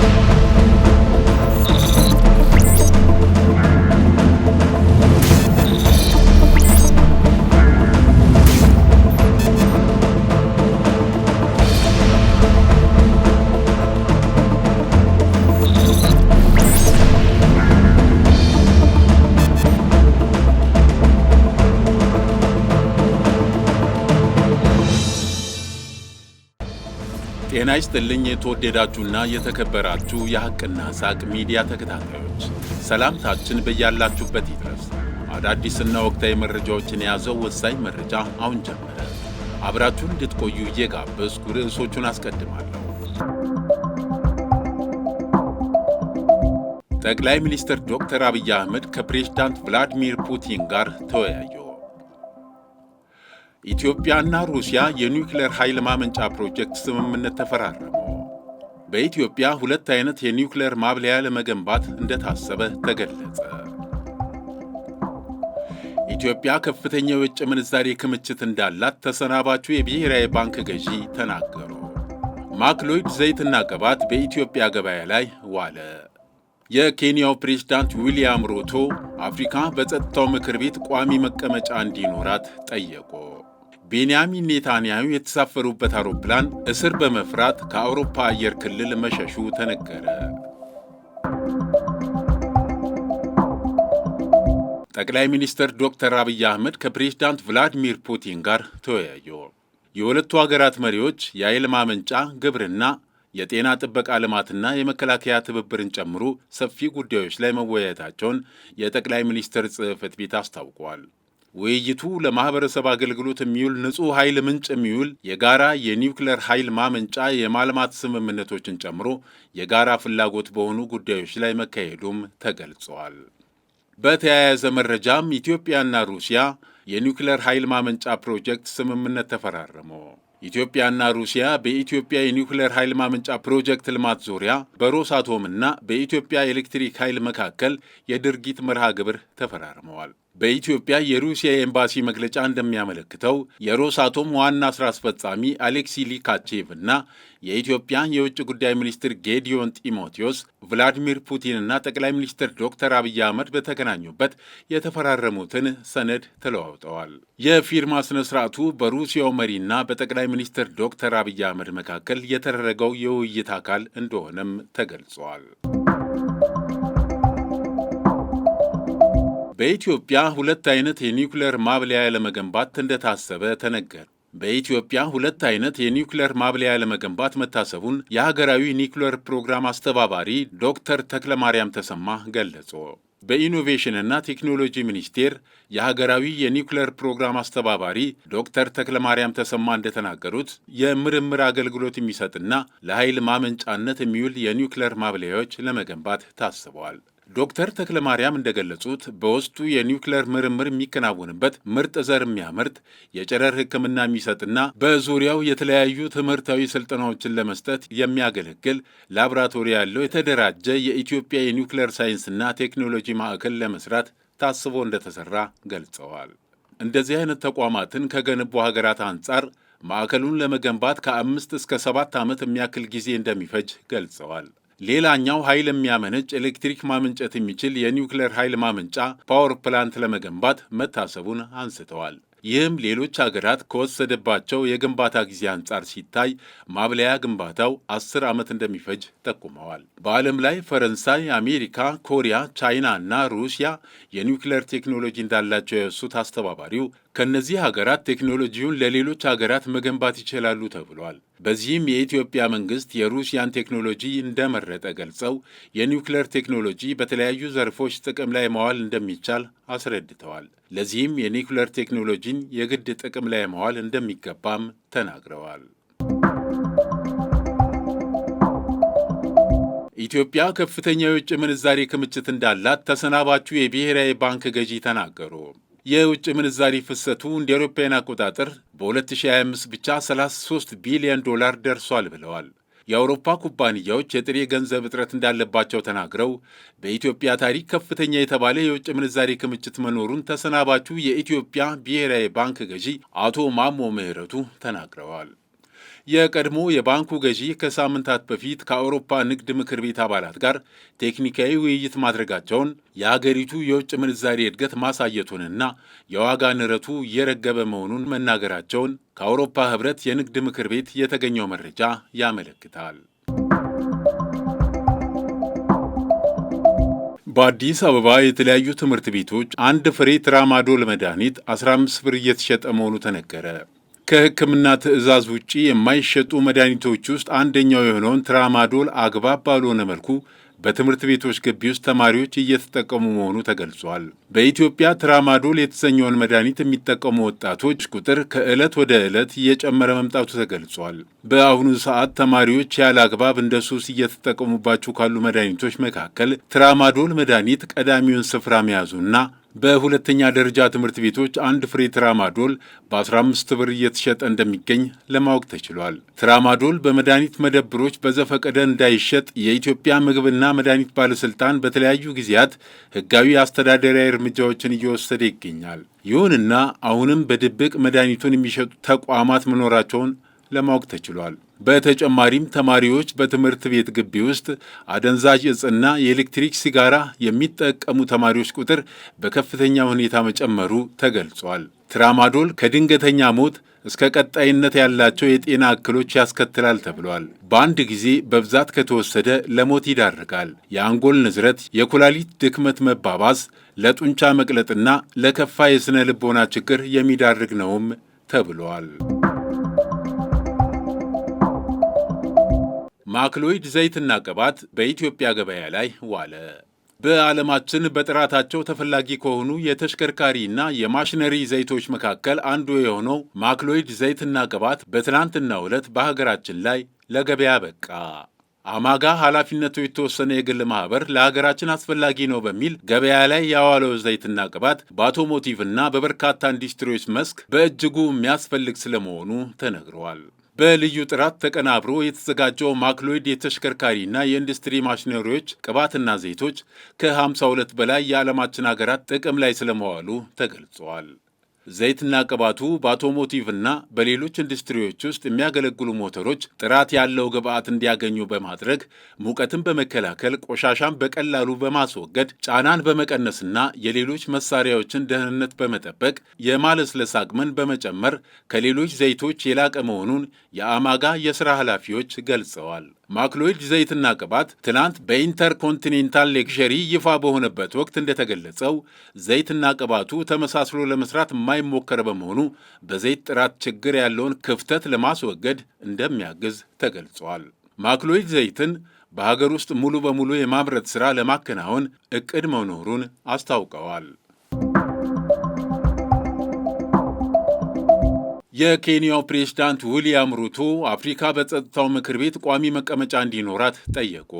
Thank you. ጤና ይስጥልኝ የተወደዳችሁና የተከበራችሁ የሐቅና ሳቅ ሚዲያ ተከታታዮች ሰላምታችን በያላችሁበት ይድረስ። አዳዲስና ወቅታዊ መረጃዎችን የያዘው ወሳኝ መረጃ አሁን ጀመረ። አብራችሁን እንድትቆዩ እየጋበዝኩ ርዕሶቹን አስቀድማለሁ። ጠቅላይ ሚኒስትር ዶክተር አብይ አህመድ ከፕሬዝዳንት ቭላዲሚር ፑቲን ጋር ተወያዩ። ኢትዮጵያና ሩሲያ የኒውክሌር ኃይል ማመንጫ ፕሮጀክት ስምምነት ተፈራረሙ። በኢትዮጵያ ሁለት አይነት የኒውክሌር ማብለያ ለመገንባት እንደታሰበ ተገለጸ። ኢትዮጵያ ከፍተኛ የውጭ ምንዛሬ ክምችት እንዳላት ተሰናባቹ የብሔራዊ ባንክ ገዢ ተናገሩ። ማክሎይድ ዘይትና ቅባት በኢትዮጵያ ገበያ ላይ ዋለ። የኬንያው ፕሬዝዳንት ዊልያም ሩቶ አፍሪካ በጸጥታው ምክር ቤት ቋሚ መቀመጫ እንዲኖራት ጠየቁ። ቤንያሚን ኔታንያሁ የተሳፈሩበት አውሮፕላን እስር በመፍራት ከአውሮፓ አየር ክልል መሸሹ ተነገረ። ጠቅላይ ሚኒስትር ዶክተር አብይ አህመድ ከፕሬዝዳንት ቭላዲሚር ፑቲን ጋር ተወያዩ። የሁለቱ ሀገራት መሪዎች የኃይል ማመንጫ፣ ግብርና፣ የጤና ጥበቃ ልማትና የመከላከያ ትብብርን ጨምሮ ሰፊ ጉዳዮች ላይ መወያየታቸውን የጠቅላይ ሚኒስትር ጽሕፈት ቤት አስታውቋል። ውይይቱ ለማህበረሰብ አገልግሎት የሚውል ንጹህ ኃይል ምንጭ የሚውል የጋራ የኒውክሌር ኃይል ማመንጫ የማልማት ስምምነቶችን ጨምሮ የጋራ ፍላጎት በሆኑ ጉዳዮች ላይ መካሄዱም ተገልጿል። በተያያዘ መረጃም ኢትዮጵያና ሩሲያ የኒውክሌር ኃይል ማመንጫ ፕሮጀክት ስምምነት ተፈራረሙ። ኢትዮጵያና ሩሲያ በኢትዮጵያ የኒውክሌር ኃይል ማመንጫ ፕሮጀክት ልማት ዙሪያ በሮሳቶም እና በኢትዮጵያ ኤሌክትሪክ ኃይል መካከል የድርጊት መርሃ ግብር ተፈራርመዋል። በኢትዮጵያ የሩሲያ ኤምባሲ መግለጫ እንደሚያመለክተው የሮሳቶም ዋና ስራ አስፈጻሚ አሌክሲ ሊካቼቭ እና የኢትዮጵያ የውጭ ጉዳይ ሚኒስትር ጌዲዮን ጢሞቴዎስ ቭላዲሚር ፑቲንና ጠቅላይ ሚኒስትር ዶክተር አብይ አህመድ በተገናኙበት የተፈራረሙትን ሰነድ ተለዋውጠዋል። የፊርማ ስነ ስርዓቱ በሩሲያው መሪና በጠቅላይ ሚኒስትር ዶክተር አብይ አህመድ መካከል የተደረገው የውይይት አካል እንደሆነም ተገልጿል። በኢትዮጵያ ሁለት አይነት የኒውክሌር ማብለያ ለመገንባት እንደታሰበ ተነገረ። በኢትዮጵያ ሁለት አይነት የኒውክሌር ማብለያ ለመገንባት መታሰቡን የሀገራዊ ኒውክሌር ፕሮግራም አስተባባሪ ዶክተር ተክለማርያም ተሰማ ገለጹ። በኢኖቬሽንና ቴክኖሎጂ ሚኒስቴር የሀገራዊ የኒውክሌር ፕሮግራም አስተባባሪ ዶክተር ተክለማርያም ተሰማ እንደተናገሩት የምርምር አገልግሎት የሚሰጥና ለኃይል ማመንጫነት የሚውል የኒውክሌር ማብለያዎች ለመገንባት ታስበዋል። ዶክተር ተክለ ማርያም እንደገለጹት በውስጡ የኒውክሌር ምርምር የሚከናወንበት ምርጥ ዘር የሚያመርት የጨረር ሕክምና የሚሰጥና በዙሪያው የተለያዩ ትምህርታዊ ስልጠናዎችን ለመስጠት የሚያገለግል ላብራቶሪ ያለው የተደራጀ የኢትዮጵያ የኒውክሌር ሳይንስና ቴክኖሎጂ ማዕከል ለመስራት ታስቦ እንደተሰራ ገልጸዋል። እንደዚህ አይነት ተቋማትን ከገነቡ ሀገራት አንጻር ማዕከሉን ለመገንባት ከአምስት እስከ ሰባት ዓመት የሚያክል ጊዜ እንደሚፈጅ ገልጸዋል። ሌላኛው ኃይል የሚያመነጭ ኤሌክትሪክ ማመንጨት የሚችል የኒውክሌር ኃይል ማመንጫ ፓወር ፕላንት ለመገንባት መታሰቡን አንስተዋል። ይህም ሌሎች አገራት ከወሰደባቸው የግንባታ ጊዜ አንጻር ሲታይ ማብለያ ግንባታው አስር ዓመት እንደሚፈጅ ጠቁመዋል። በዓለም ላይ ፈረንሳይ፣ አሜሪካ፣ ኮሪያ፣ ቻይና እና ሩሲያ የኒውክሌር ቴክኖሎጂ እንዳላቸው የወሱት አስተባባሪው ከእነዚህ ሀገራት ቴክኖሎጂውን ለሌሎች ሀገራት መገንባት ይችላሉ ተብሏል። በዚህም የኢትዮጵያ መንግስት የሩሲያን ቴክኖሎጂ እንደመረጠ ገልጸው የኒውክሌር ቴክኖሎጂ በተለያዩ ዘርፎች ጥቅም ላይ መዋል እንደሚቻል አስረድተዋል። ለዚህም የኒውክሌር ቴክኖሎጂን የግድ ጥቅም ላይ መዋል እንደሚገባም ተናግረዋል። ኢትዮጵያ ከፍተኛ የውጭ ምንዛሬ ክምችት እንዳላት ተሰናባቹ የብሔራዊ ባንክ ገዢ ተናገሩ። የውጭ ምንዛሪ ፍሰቱ እንደ አውሮፓውያን አቆጣጠር በ2025 ብቻ 33 ቢሊዮን ዶላር ደርሷል ብለዋል። የአውሮፓ ኩባንያዎች የጥሬ ገንዘብ እጥረት እንዳለባቸው ተናግረው በኢትዮጵያ ታሪክ ከፍተኛ የተባለ የውጭ ምንዛሬ ክምችት መኖሩን ተሰናባቹ የኢትዮጵያ ብሔራዊ ባንክ ገዢ አቶ ማሞ ምህረቱ ተናግረዋል። የቀድሞ የባንኩ ገዢ ከሳምንታት በፊት ከአውሮፓ ንግድ ምክር ቤት አባላት ጋር ቴክኒካዊ ውይይት ማድረጋቸውን የአገሪቱ የውጭ ምንዛሪ እድገት ማሳየቱንና የዋጋ ንረቱ እየረገበ መሆኑን መናገራቸውን ከአውሮፓ ህብረት የንግድ ምክር ቤት የተገኘው መረጃ ያመለክታል። በአዲስ አበባ የተለያዩ ትምህርት ቤቶች አንድ ፍሬ ትራማዶል መድኃኒት 15 ብር እየተሸጠ መሆኑ ተነገረ። ከሕክምና ትዕዛዝ ውጪ የማይሸጡ መድኃኒቶች ውስጥ አንደኛው የሆነውን ትራማዶል አግባብ ባልሆነ መልኩ በትምህርት ቤቶች ግቢ ውስጥ ተማሪዎች እየተጠቀሙ መሆኑ ተገልጿል። በኢትዮጵያ ትራማዶል የተሰኘውን መድኃኒት የሚጠቀሙ ወጣቶች ቁጥር ከዕለት ወደ ዕለት እየጨመረ መምጣቱ ተገልጿል። በአሁኑ ሰዓት ተማሪዎች ያለ አግባብ እንደ ሱስ እየተጠቀሙባቸው ካሉ መድኃኒቶች መካከል ትራማዶል መድኃኒት ቀዳሚውን ስፍራ መያዙና በሁለተኛ ደረጃ ትምህርት ቤቶች አንድ ፍሬ ትራማዶል በ15 ብር እየተሸጠ እንደሚገኝ ለማወቅ ተችሏል። ትራማዶል በመድኃኒት መደብሮች በዘፈቀደ እንዳይሸጥ የኢትዮጵያ ምግብና መድኃኒት ባለሥልጣን በተለያዩ ጊዜያት ሕጋዊ አስተዳደሪያ እርምጃዎችን እየወሰደ ይገኛል። ይሁንና አሁንም በድብቅ መድኃኒቱን የሚሸጡ ተቋማት መኖራቸውን ለማወቅ ተችሏል። በተጨማሪም ተማሪዎች በትምህርት ቤት ግቢ ውስጥ አደንዛዥ እጽና የኤሌክትሪክ ሲጋራ የሚጠቀሙ ተማሪዎች ቁጥር በከፍተኛ ሁኔታ መጨመሩ ተገልጿል። ትራማዶል ከድንገተኛ ሞት እስከ ቀጣይነት ያላቸው የጤና እክሎች ያስከትላል ተብሏል። በአንድ ጊዜ በብዛት ከተወሰደ ለሞት ይዳርጋል። የአንጎል ንዝረት፣ የኩላሊት ድክመት መባባስ ለጡንቻ መቅለጥና ለከፋ የሥነ ልቦና ችግር የሚዳርግ ነውም ተብሏል። ማክሎይድ ዘይትና ቅባት በኢትዮጵያ ገበያ ላይ ዋለ። በዓለማችን በጥራታቸው ተፈላጊ ከሆኑ የተሽከርካሪና የማሽነሪ ዘይቶች መካከል አንዱ የሆነው ማክሎይድ ዘይትና ቅባት በትናንትናው ዕለት በሀገራችን ላይ ለገበያ በቃ። አማጋ ኃላፊነቱ የተወሰነ የግል ማህበር ለሀገራችን አስፈላጊ ነው በሚል ገበያ ላይ ያዋለው ዘይትና ቅባት በአውቶሞቲቭና በበርካታ ኢንዱስትሪዎች መስክ በእጅጉ የሚያስፈልግ ስለመሆኑ ተነግረዋል። በልዩ ጥራት ተቀናብሮ የተዘጋጀው ማክሎይድ የተሽከርካሪና የኢንዱስትሪ ማሽነሪዎች ቅባትና ዘይቶች ከ52 በላይ የዓለማችን ሀገራት ጥቅም ላይ ስለመዋሉ ተገልጿል። ዘይትና ቅባቱ በአውቶሞቲቭና በሌሎች ኢንዱስትሪዎች ውስጥ የሚያገለግሉ ሞተሮች ጥራት ያለው ግብዓት እንዲያገኙ በማድረግ ሙቀትን በመከላከል ቆሻሻን በቀላሉ በማስወገድ ጫናን በመቀነስና የሌሎች መሳሪያዎችን ደህንነት በመጠበቅ የማለስለስ አቅምን በመጨመር ከሌሎች ዘይቶች የላቀ መሆኑን የአማጋ የሥራ ኃላፊዎች ገልጸዋል። ማክሎይድ ዘይትና ቅባት ትናንት በኢንተርኮንቲኔንታል ሌክሸሪ ይፋ በሆነበት ወቅት እንደተገለጸው ዘይትና ቅባቱ ተመሳስሎ ለመስራት የማይሞከር በመሆኑ በዘይት ጥራት ችግር ያለውን ክፍተት ለማስወገድ እንደሚያግዝ ተገልጿል። ማክሎይድ ዘይትን በሀገር ውስጥ ሙሉ በሙሉ የማምረት ሥራ ለማከናወን ዕቅድ መኖሩን አስታውቀዋል። የኬንያው ፕሬዝዳንት ዊልያም ሩቶ አፍሪካ በጸጥታው ምክር ቤት ቋሚ መቀመጫ እንዲኖራት ጠየቁ።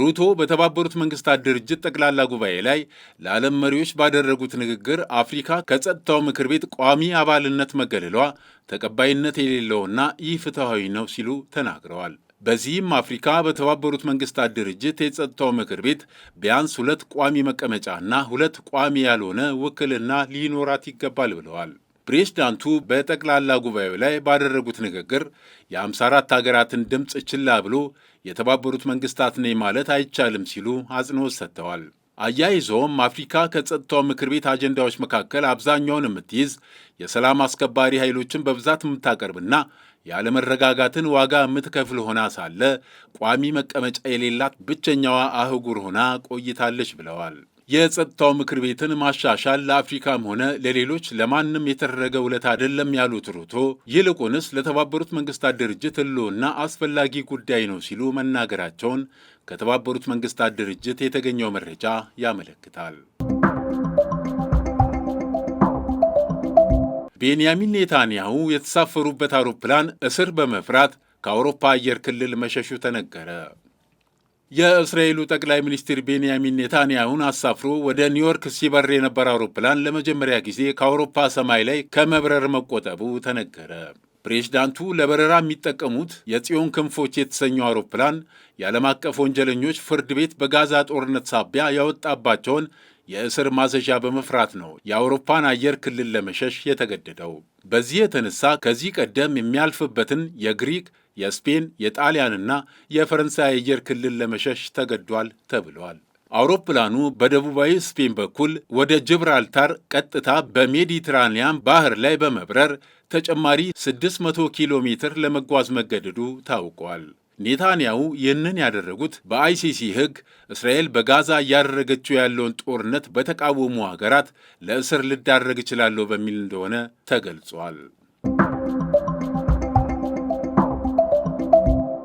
ሩቶ በተባበሩት መንግስታት ድርጅት ጠቅላላ ጉባኤ ላይ ለዓለም መሪዎች ባደረጉት ንግግር አፍሪካ ከጸጥታው ምክር ቤት ቋሚ አባልነት መገለሏ ተቀባይነት የሌለውና ይህ ፍትሐዊ ነው ሲሉ ተናግረዋል። በዚህም አፍሪካ በተባበሩት መንግስታት ድርጅት የጸጥታው ምክር ቤት ቢያንስ ሁለት ቋሚ መቀመጫና ሁለት ቋሚ ያልሆነ ውክልና ሊኖራት ይገባል ብለዋል። ፕሬዝዳንቱ በጠቅላላ ጉባኤው ላይ ባደረጉት ንግግር የ54 ሀገራትን ድምፅ ችላ ብሎ የተባበሩት መንግስታት ነኝ ማለት አይቻልም ሲሉ አጽንኦት ሰጥተዋል። አያይዘውም አፍሪካ ከጸጥታው ምክር ቤት አጀንዳዎች መካከል አብዛኛውን የምትይዝ የሰላም አስከባሪ ኃይሎችን በብዛት የምታቀርብና ያለመረጋጋትን ዋጋ የምትከፍል ሆና ሳለ ቋሚ መቀመጫ የሌላት ብቸኛዋ አህጉር ሆና ቆይታለች ብለዋል። የጸጥታው ምክር ቤትን ማሻሻል ለአፍሪካም ሆነ ለሌሎች ለማንም የተደረገ ውለት አይደለም ያሉት ሩቶ ይልቁንስ ለተባበሩት መንግስታት ድርጅት ሕልውና አስፈላጊ ጉዳይ ነው ሲሉ መናገራቸውን ከተባበሩት መንግስታት ድርጅት የተገኘው መረጃ ያመለክታል። ቤንያሚን ኔታንያሁ የተሳፈሩበት አውሮፕላን እስር በመፍራት ከአውሮፓ አየር ክልል መሸሹ ተነገረ። የእስራኤሉ ጠቅላይ ሚኒስትር ቤንያሚን ኔታንያሁን አሳፍሮ ወደ ኒውዮርክ ሲበር የነበረ አውሮፕላን ለመጀመሪያ ጊዜ ከአውሮፓ ሰማይ ላይ ከመብረር መቆጠቡ ተነገረ። ፕሬዚዳንቱ ለበረራ የሚጠቀሙት የጽዮን ክንፎች የተሰኘው አውሮፕላን የዓለም አቀፍ ወንጀለኞች ፍርድ ቤት በጋዛ ጦርነት ሳቢያ ያወጣባቸውን የእስር ማዘዣ በመፍራት ነው የአውሮፓን አየር ክልል ለመሸሽ የተገደደው። በዚህ የተነሳ ከዚህ ቀደም የሚያልፍበትን የግሪክ የስፔን የጣሊያንና የፈረንሳይ አየር ክልል ለመሸሽ ተገዷል ተብሏል። አውሮፕላኑ በደቡባዊ ስፔን በኩል ወደ ጅብራልታር ቀጥታ በሜዲትራኒያን ባህር ላይ በመብረር ተጨማሪ 600 ኪሎ ሜትር ለመጓዝ መገደዱ ታውቋል። ኔታንያሁ ይህንን ያደረጉት በአይሲሲ ሕግ እስራኤል በጋዛ እያደረገችው ያለውን ጦርነት በተቃወሙ ሀገራት ለእስር ልዳረግ እችላለሁ በሚል እንደሆነ ተገልጿል።